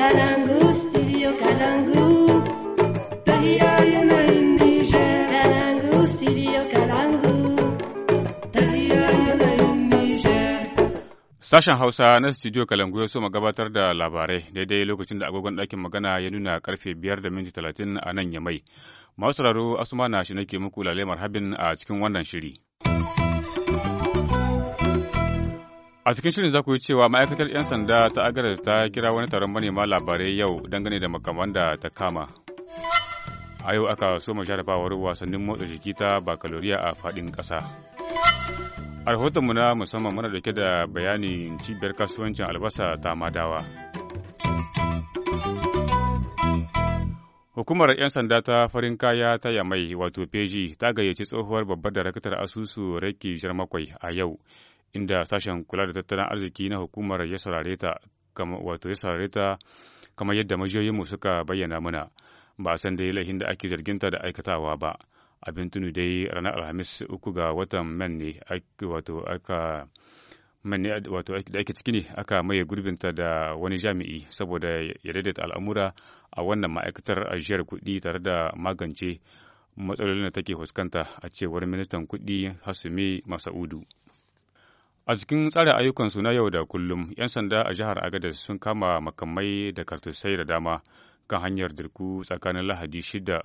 Kalangu, studio Sashen Hausa na studio Kalangu ya so gabatar da labarai daidai lokacin da agogon ɗakin magana ya nuna karfe biyar da minti talatin a nan ya mai Masu sauraro Asuma na shi nake muku lalemar habin a cikin wannan shiri. A cikin shirin za ku yi cewa ma'aikatar 'yan sanda ta agarar ta kira wani taron manema labarai yau dangane da makaman da ta kama. A yau aka so soma jarabawar wasannin motsa jiki ta bakaloriya a faɗin kasa. A mu na musamman muna dauke da bayanin cibiyar kasuwancin albasa ta madawa. Hukumar 'yan sanda ta farin kaya ta Yamai wato peji ta gayyaci tsohuwar babbar daraktar asusu rakki makwai a yau inda sashen kula da tattalin arziki na hukumar ya saurare ta wato ya saurare ta kamar yadda majiyoyinmu suka bayyana mana ba san dai laifin da ake zarginta da aikatawa ba abin tuni dai ranar alhamis uku ga watan man ne wato aka man ne wato da ake ciki ne aka maye gurbinta da wani jami'i saboda ya daidaita al'amura a wannan ma'aikatar ajiyar kuɗi tare da magance matsalolin da take fuskanta a cewar ministan kuɗi hasumi masa'udu A cikin tsara ayyukansu na yau da kullum, 'yan sanda a jihar Agadez sun kama makamai da kartusai da dama kan hanyar dirku tsakanin Lahadi shida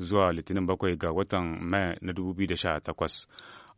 zuwa Litinin bakwai ga watan Mai na 2018.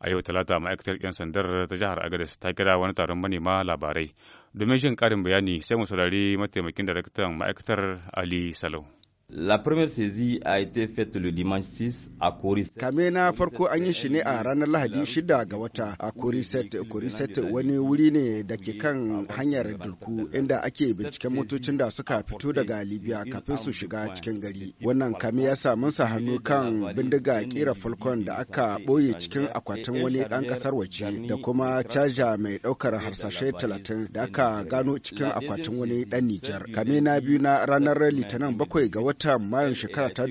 A yau Talata ma'aikatar 'yan sandar ta jihar Agadez ta kira wani taron manema labarai. Domin jin ƙarin bayani sai mu saurari mataimakin daraktan ma'aikatar Ali Salau. La première saisie a été faite le dimanche 6 à Coriset. Kame na farko an yi shi ne a ranar Lahadi 6 ga wata a Coriset. Coriset wani wuri ne da ke kan hanyar Dulku inda ake binciken motocin da suka fito daga Libya kafin su shiga cikin gari. Wannan kame ya samu sa hannu kan bindiga kira Falcon da aka boye cikin akwatin wani dan kasar waje da kuma caja mai daukar harsashe 30 da aka gano cikin akwatin wani dan Nijar. Kame na biyu na ranar Litinin 7 ga wata watan mayun shekara ta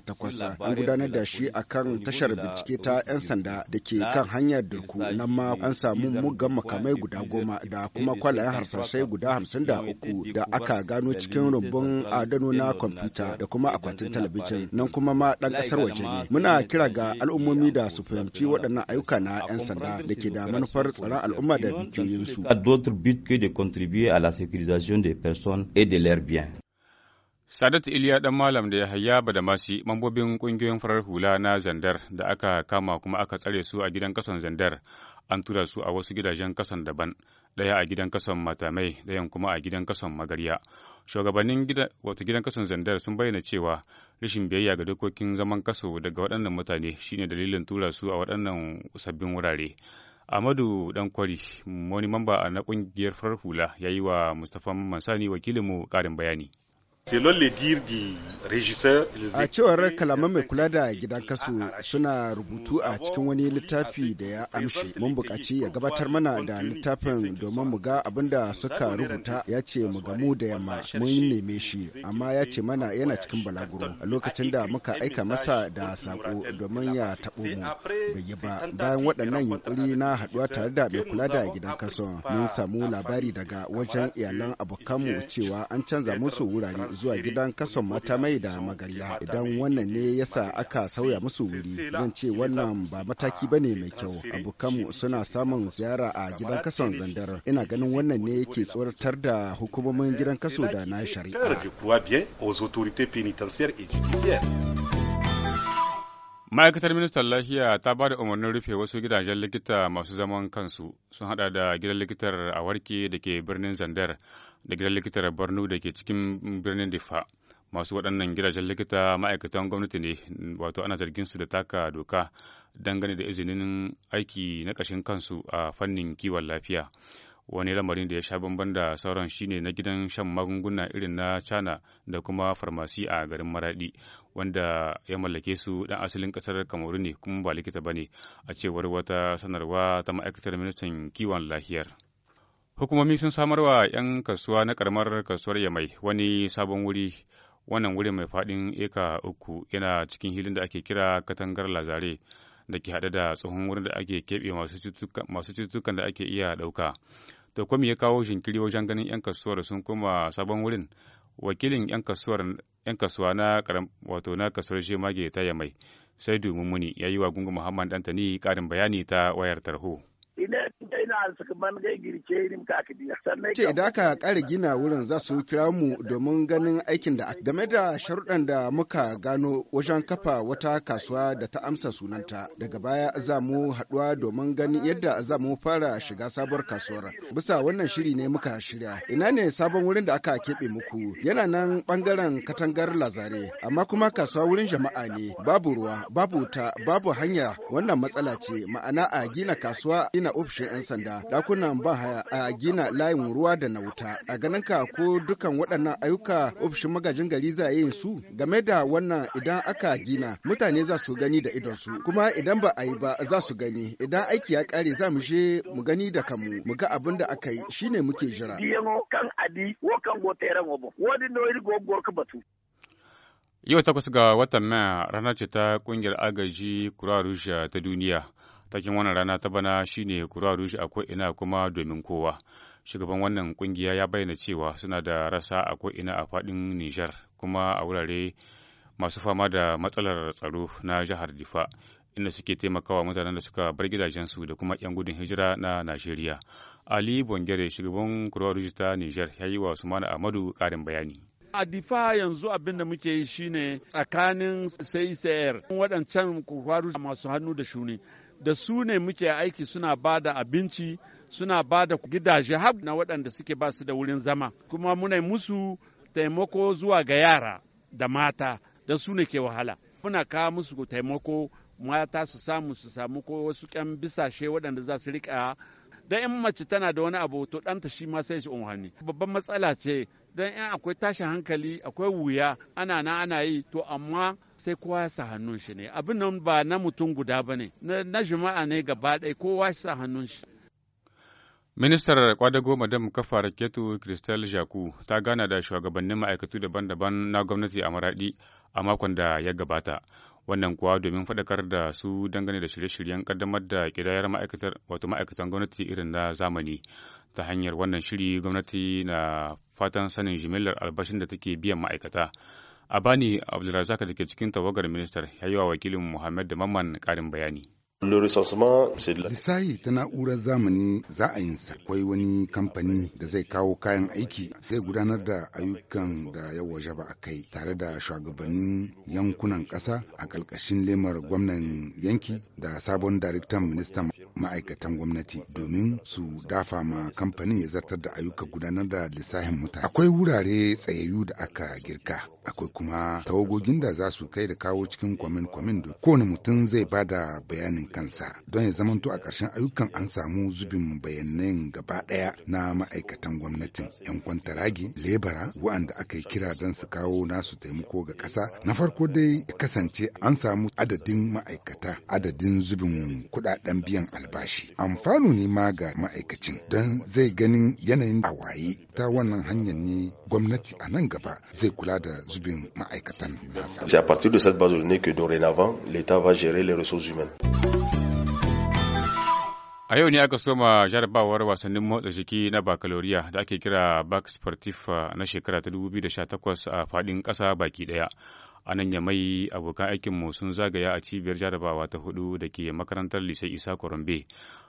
takwas an gudanar da shi a kan tashar bincike ta 'yan sanda da ke kan hanyar durku nan ma an samu muggan makamai guda goma da kuma kwalayen harsashai guda hamsin da uku da aka gano cikin rumbun adano na kwamfuta da kuma akwatin talabijin nan kuma ma dan kasar waje ne muna kira ga al'ummomi da su fahimci waɗannan ayyuka na 'yan sanda da ke da manufar tsaron al'umma da dukiyoyinsu. de a la de Sadat Iliya ɗan Malam da Yahaya masi mambobin ƙungiyoyin farar hula na Zandar da aka kama kuma aka tsare su a gidan kasan Zandar an tura su a wasu gidajen kasan daban ɗaya a gidan kasan Matamai ɗayan kuma a gidan kasan Magarya. Shugabannin wata gidan kasan Zandar sun bayyana cewa rashin biyayya ga dokokin zaman kaso daga waɗannan mutane shine dalilin tura su a waɗannan sabbin wurare. Amadu Dankwari wani mamba na ƙungiyar farar hula ya yi wa Mustapha Mansani wakilinmu ƙarin bayani. A cewar kalaman mai kula da gidan kasu suna rubutu a cikin wani littafi da ya amshe. Mun bukaci ya gabatar mana da littafin domin mu ga abin da suka rubuta ya ce mu gamu da yamma mun neme shi amma ya ce mana yana cikin balaguro. A lokacin da muka aika masa da sako domin ya taɓo mu bai yi ba. Bayan waɗannan yunƙuri na haɗuwa tare da mai kula da gidan kasu mun samu labari daga wajen iyalan abokanmu cewa an canza musu wurare zuwa gidan kason mata mai da magarya idan wannan ne yasa aka sauya musu wuri zan ce wannan ba mataki ba ne mai kyau abokanmu suna samun ziyara a gidan kason zandar ina ganin wannan ne yake tsoratar da hukumomin gidan kaso da na shari'a Ma'aikatar ministan lafiya ta ba da umarnin rufe wasu gidajen likita masu zaman kansu sun hada da gidan likitar awarke da ke birnin Zandar da gidan likitar Borno da ke cikin birnin Difa. Masu waɗannan gidajen likita ma'aikatan gwamnati ne wato ana zargin su da taka doka dangane da izinin aiki na ƙashin kansu a fannin kiwon lafiya. wani lamarin da ya sha bamban da sauran shine na gidan shan magunguna irin na cana da kuma farmasi a garin maradi wanda ya mallake su dan asalin kasar kamaru ne kuma ba likita ba ne a cewar wata sanarwa ta ma'aikatar ministan kiwon lahiyar. hukumomi sun samarwa 'yan kasuwa na karamar kasuwar yamai wani sabon wuri wannan wurin mai faɗin eka uku yana cikin hilin da ake kira katangar lazare da ke haɗe da tsohon wurin da ake keɓe masu cututtukan da ake iya ɗauka to kuma ya kawo shinkiri wajen ganin 'yan kasuwar sun koma sabon wurin wakilin 'yan kasuwar 'yan kasuwa na wato na kasuwar mage ta Yamai. Sai domin muni ya yi wa gungun Muhammad Dantani ƙarin bayani ta wayar tarho. ina su ban ga girke ni ka ka diya sannan ce idan aka ƙara gina wurin za su kira mu domin ganin aikin da game da sharuɗan da muka gano wajen kafa wata kasuwa da ta amsa sunanta daga baya za mu haɗuwa domin ganin yadda za mu fara shiga sabuwar kasuwar bisa wannan shiri ne muka shirya ina ne sabon wurin da aka keɓe muku yana nan ɓangaren katangar lazare amma kuma kasuwa wurin jama'a ne babu ruwa babu wuta babu hanya wannan matsala ce ma'ana a gina kasuwa ina ofishin 'yan sanda dakunan ba haya a gina layin ruwa da na wuta a ganin ka ko dukan waɗannan ayyuka ofishin magajin gari za yin su game da wannan idan aka gina mutane za su gani da idon su kuma idan ba a yi ba za su gani idan aiki ya kare za mu je mu gani da kanmu mu ga abin da aka yi shine muke jira yau takwas ga watan maya rana ce ta kungiyar agaji kura ta duniya Takin wannan rana ta bana shine Kura Rushe a ina kuma domin kowa. Shugaban wannan kungiya ya bayyana cewa suna da rasa a ina a fadin Nijar kuma a wurare masu fama da matsalar tsaro na jihar Difa. inda suke taimakawa mutanen da suka bar gidajensu da kuma 'yan gudun hijira na Najeriya. Ali Bongere, shugaban Kurwa ta Nijar, ya yi wa Sumana Ahmadu karin bayani. a difa yanzu abin da muke yi shine tsakanin CICR waɗancan kwaru masu hannu da shuni da su ne muke aiki suna ba da abinci suna ba da gidaje har na waɗanda suke ba su da wurin zama kuma muna musu taimako zuwa ga yara da mata da su ne ke wahala muna kawo musu taimako mata su samu su samu ko wasu ƙyan bisashe waɗanda za su riƙa da in mace tana da wani abu to ɗanta shi ma sai shi unhani babban matsala ce don in akwai tashin hankali akwai wuya ana na ana yi to amma sai kowa ya sa hannun shi ne abin nan ba na mutum guda ba ne na juma'a ne gaba ɗaya kowa ya sa hannun shi Ministar Kwadago Madam kafar Ketu Kristal Jaku ta gana da shugabannin ma'aikatu daban-daban na gwamnati a Maradi a makon da ya gabata. Wannan kuwa domin faɗakar da su dangane da shirye-shiryen kaddamar da kidayar ma'aikatar wato ma'aikatan gwamnati irin na zamani. ta hanyar wannan shiri gwamnati na fatan sanin jimillar albashin da take biyan ma'aikata a bani abdulrazak da ke cikin tawagar ministar ya yi wa wakilin muhammad da mamman karin bayani Lissahi ta na'urar zamani za a yin sa. Akwai wani kamfani da zai kawo kayan aiki zai gudanar da ayyukan da ya waje ba a kai tare da shugabannin yankunan ƙasa a ƙalƙashin lemar gwamnan yanki da sabon daraktan ministan ma'aikatan gwamnati domin su dafa ma kamfanin ya zartar da ayyukan gudanar da lissafin mutane. Akwai wurare tsayayyu da aka girka, akwai kuma tawagogin da za su kai da kawo cikin kwamin-kwamin da kowane mutum zai ba da bayanin kansa don ya zamanto a ƙarshen ayyukan an samu zubin bayanan gaba ɗaya na ma'aikatan gwamnatin 'yan kwantaragi lebara wa'anda aka yi kira don su kawo nasu taimako ga ƙasa na farko dai kasance an samu adadin ma'aikata adadin zubin kuɗaɗen biyan albashi amfanu ne ma ga ma'aikacin don zai ganin yanayin a waye ta wannan hanyar ne gwamnati a nan gaba zai kula da zubin ma'aikatan C'est à partir de cette base de données que dorénavant l'État va gérer les ressources humaines. A yau ne aka soma jarabawar wasannin motsa jiki na bakaloriya da ake kira Bac Sportif eh, na shekara ta 2018 a faɗin ƙasa baki ɗaya. a nan yamai abokan aikin mu sun zagaya a cibiyar jarabawa ta hudu da ke makarantar lisai isa korombe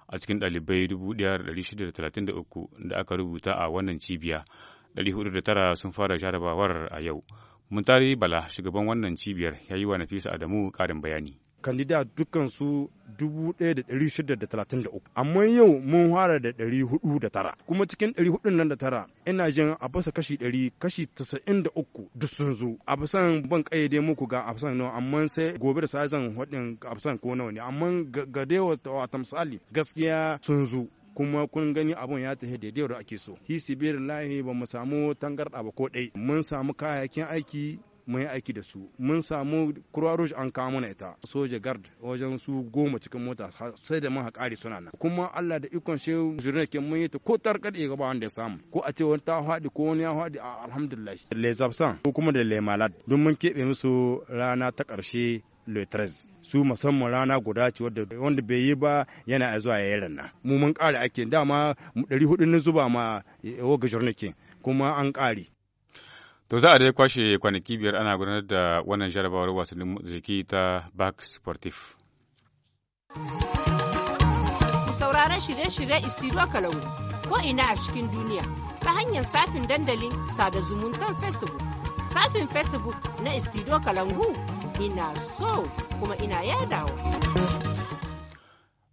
a cikin ɗalibai 1,633 da aka rubuta a wannan cibiya 409 sun fara jarabawar a yau muntari bala shugaban wannan cibiyar ya yi wa nafisa adamu ƙarin bayani kandida dukansu 1633 amma yau mun fara da 409 kuma cikin 409 nan da tara ina jin a basa kashi 100 kashi 93 duk sun zo a bisan ban kayyade muku ga afsan nawa amma sai gobe da sai zan hadin afsan ko nawa ne amma ga dewa ta misali gaskiya sun zo kuma kun gani abun ya tafi daidai da ake so hisibir lahi ba mu samu tangarda ba ko dai mun samu kayayyakin aiki mun yi aiki da su mun samu croix rouge an kawo mana ita soja guard wajen su goma cikin mota sai da mun haƙari suna nan kuma Allah da ikon shi jirin ke mun yi ta ko tarkar ya gaba wanda ya samu ko a ce wani ta haɗi ko wani ya haɗi alhamdulillah le zabsan ko kuma da le malad don mun keɓe musu rana ta ƙarshe le 13 su musamman rana guda ce wanda bai yi ba yana zuwa ya yi mu mun ƙare ake dama 400 na zuba ma eh, waga jornakin kuma an ƙare To za a dai kwashe kwanaki biyar ana gudanar da wannan jarabawar wasannin jiki ta Back Sportif. Ku sauraron shirye-shirye Istiro Kalau ko ina a cikin duniya ta hanyar safin dandalin sada zumuntar Facebook. Safin Facebook na Istiro Kalangu ina so kuma ina yadawa.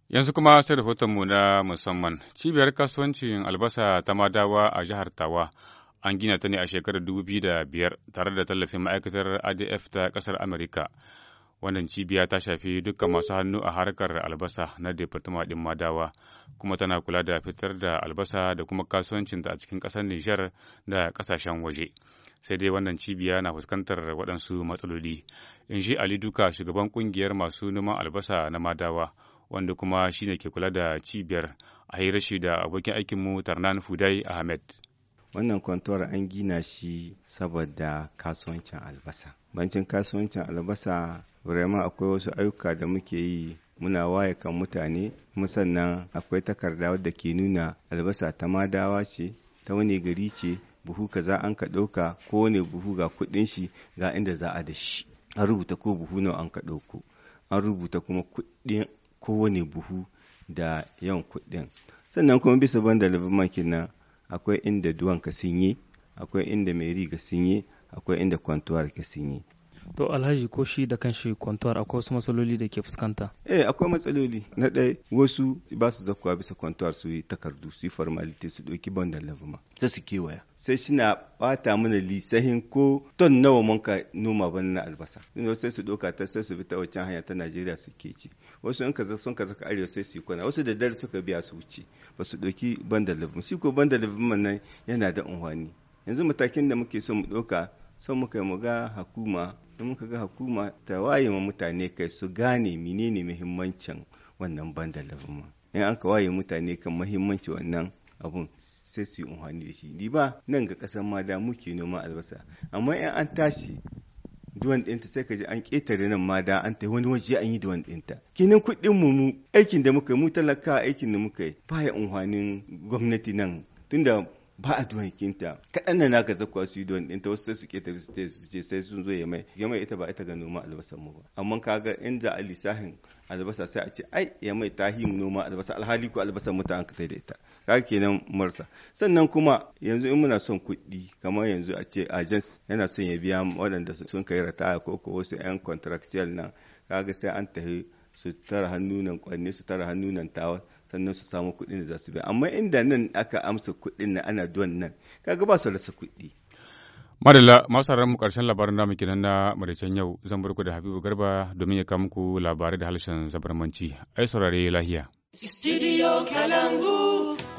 Yanzu kuma sai mu na musamman. Cibiyar kasuwancin albasa ta madawa a jihar Tawa. an gina ta ne a shekarar biyar tare da tallafin ma'aikatar adf ta ƙasar Amerika. wannan cibiya ta shafi dukkan masu hannu a harkar albasa na departama ɗin madawa kuma tana kula da fitar da albasa da kuma kasuwancinta a cikin ƙasar nijar da ƙasashen waje sai dai wannan cibiya na fuskantar waɗansu matsaloli in shi ali duka shugaban ƙungiyar masu noman albasa na madawa wanda kuma shine ke kula da cibiyar a hirashi da abokin aikinmu tarnan fudai ahmed wannan kwantuwar an gina shi saboda kasuwancin albasa bancin kasuwancin albasa vraiment akwai wasu ayyuka da muke yi muna waye kan mutane kuma sannan akwai takarda wadda ke nuna albasa ta madawa ce ta wani gari ce buhu ka za an ka ɗauka wani buhu ga kuɗin shi ga inda za a da shi an rubuta ko buhu nawa an ka ɗauko an rubuta kuma kuɗin kowane buhu da yawan kuɗin sannan kuma bisa ban da kenan akwai inda duwan ka sinye akwai inda meri sun sinye akwai inda kwantuwar ka sinye to alhaji ko shi da kanshi kwantuwar akwai wasu matsaloli da ke fuskanta eh akwai matsaloli na ɗaya wasu ba su zakuwa bisa kwantuwar su yi takardu su yi formality su ɗauki bandar lavuma sai su kewaya sai suna bata mana lisahin ko ton nawa mun ka noma ban na albasa ino sai su ɗauka ta sai su bi ta wancan hanya ta najeriya su ke ci wasu in zaka sun ka ka arewa sai su yi kwana wasu da dare suka biya su wuce ba su ɗauki bandar lavuma shi ko bandar lavuma nan yana da unhwani yanzu matakin da muke so mu ɗauka sau muka mu ga hakuma da muka ga hakuma ta waye ma mutane kai su gane menene muhimmancin wannan bandalabin in an ka waye mutane kan muhimmanci wannan abun sai su yi unhani da shi ni ba nan ga kasar ma da muke noma albasa amma in an tashi duwan ɗinta sai ka ji an ƙetare nan ma da an ta wani waje an yi duwan ɗinta kenan kuɗin mu mu aikin da muka yi mu talaka aikin da muka yi baya unhanin gwamnati nan tunda ba a duwan kinta kaɗan na naka zakwa su yi duwan ɗinta wasu sai su ƙetare su ta su ce sai sun zo ya mai ya mai ita ba ita ga noma albasan mu ba amma kaga in za a lissahin albasa sai a ce ai ya mai ta himu noma albasa alhali ko albasan mu ta an da ita kaga kenan marsa sannan kuma yanzu in muna son kuɗi kamar yanzu a ce agents yana son ya biya waɗanda sun kai rataya ko ko wasu 'yan contractual nan kaga sai an tahi. su tara hannunan kwanne su tara hannunan tawa sannan su samu kuɗin da za su biya amma inda nan aka amsa kuɗin na ana duwan nan kaga ba su rasa kuɗi madalla masu mu karshen labarin namu kenan na maraicen yau zan bar ku da habibu garba domin ya kawo muku labarai da harshen zabarmanci ai saurare lahiya studio kalangu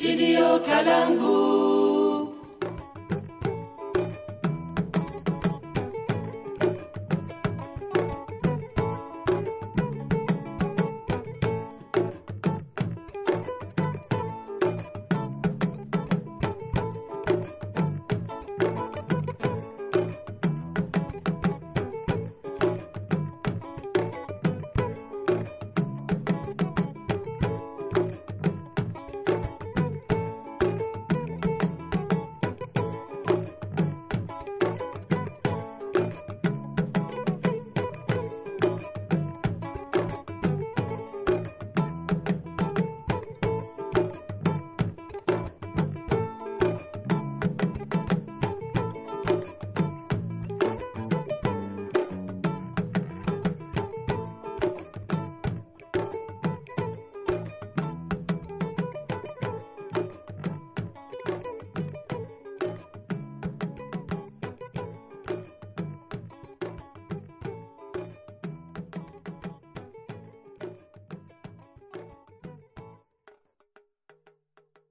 Studio Kalangu.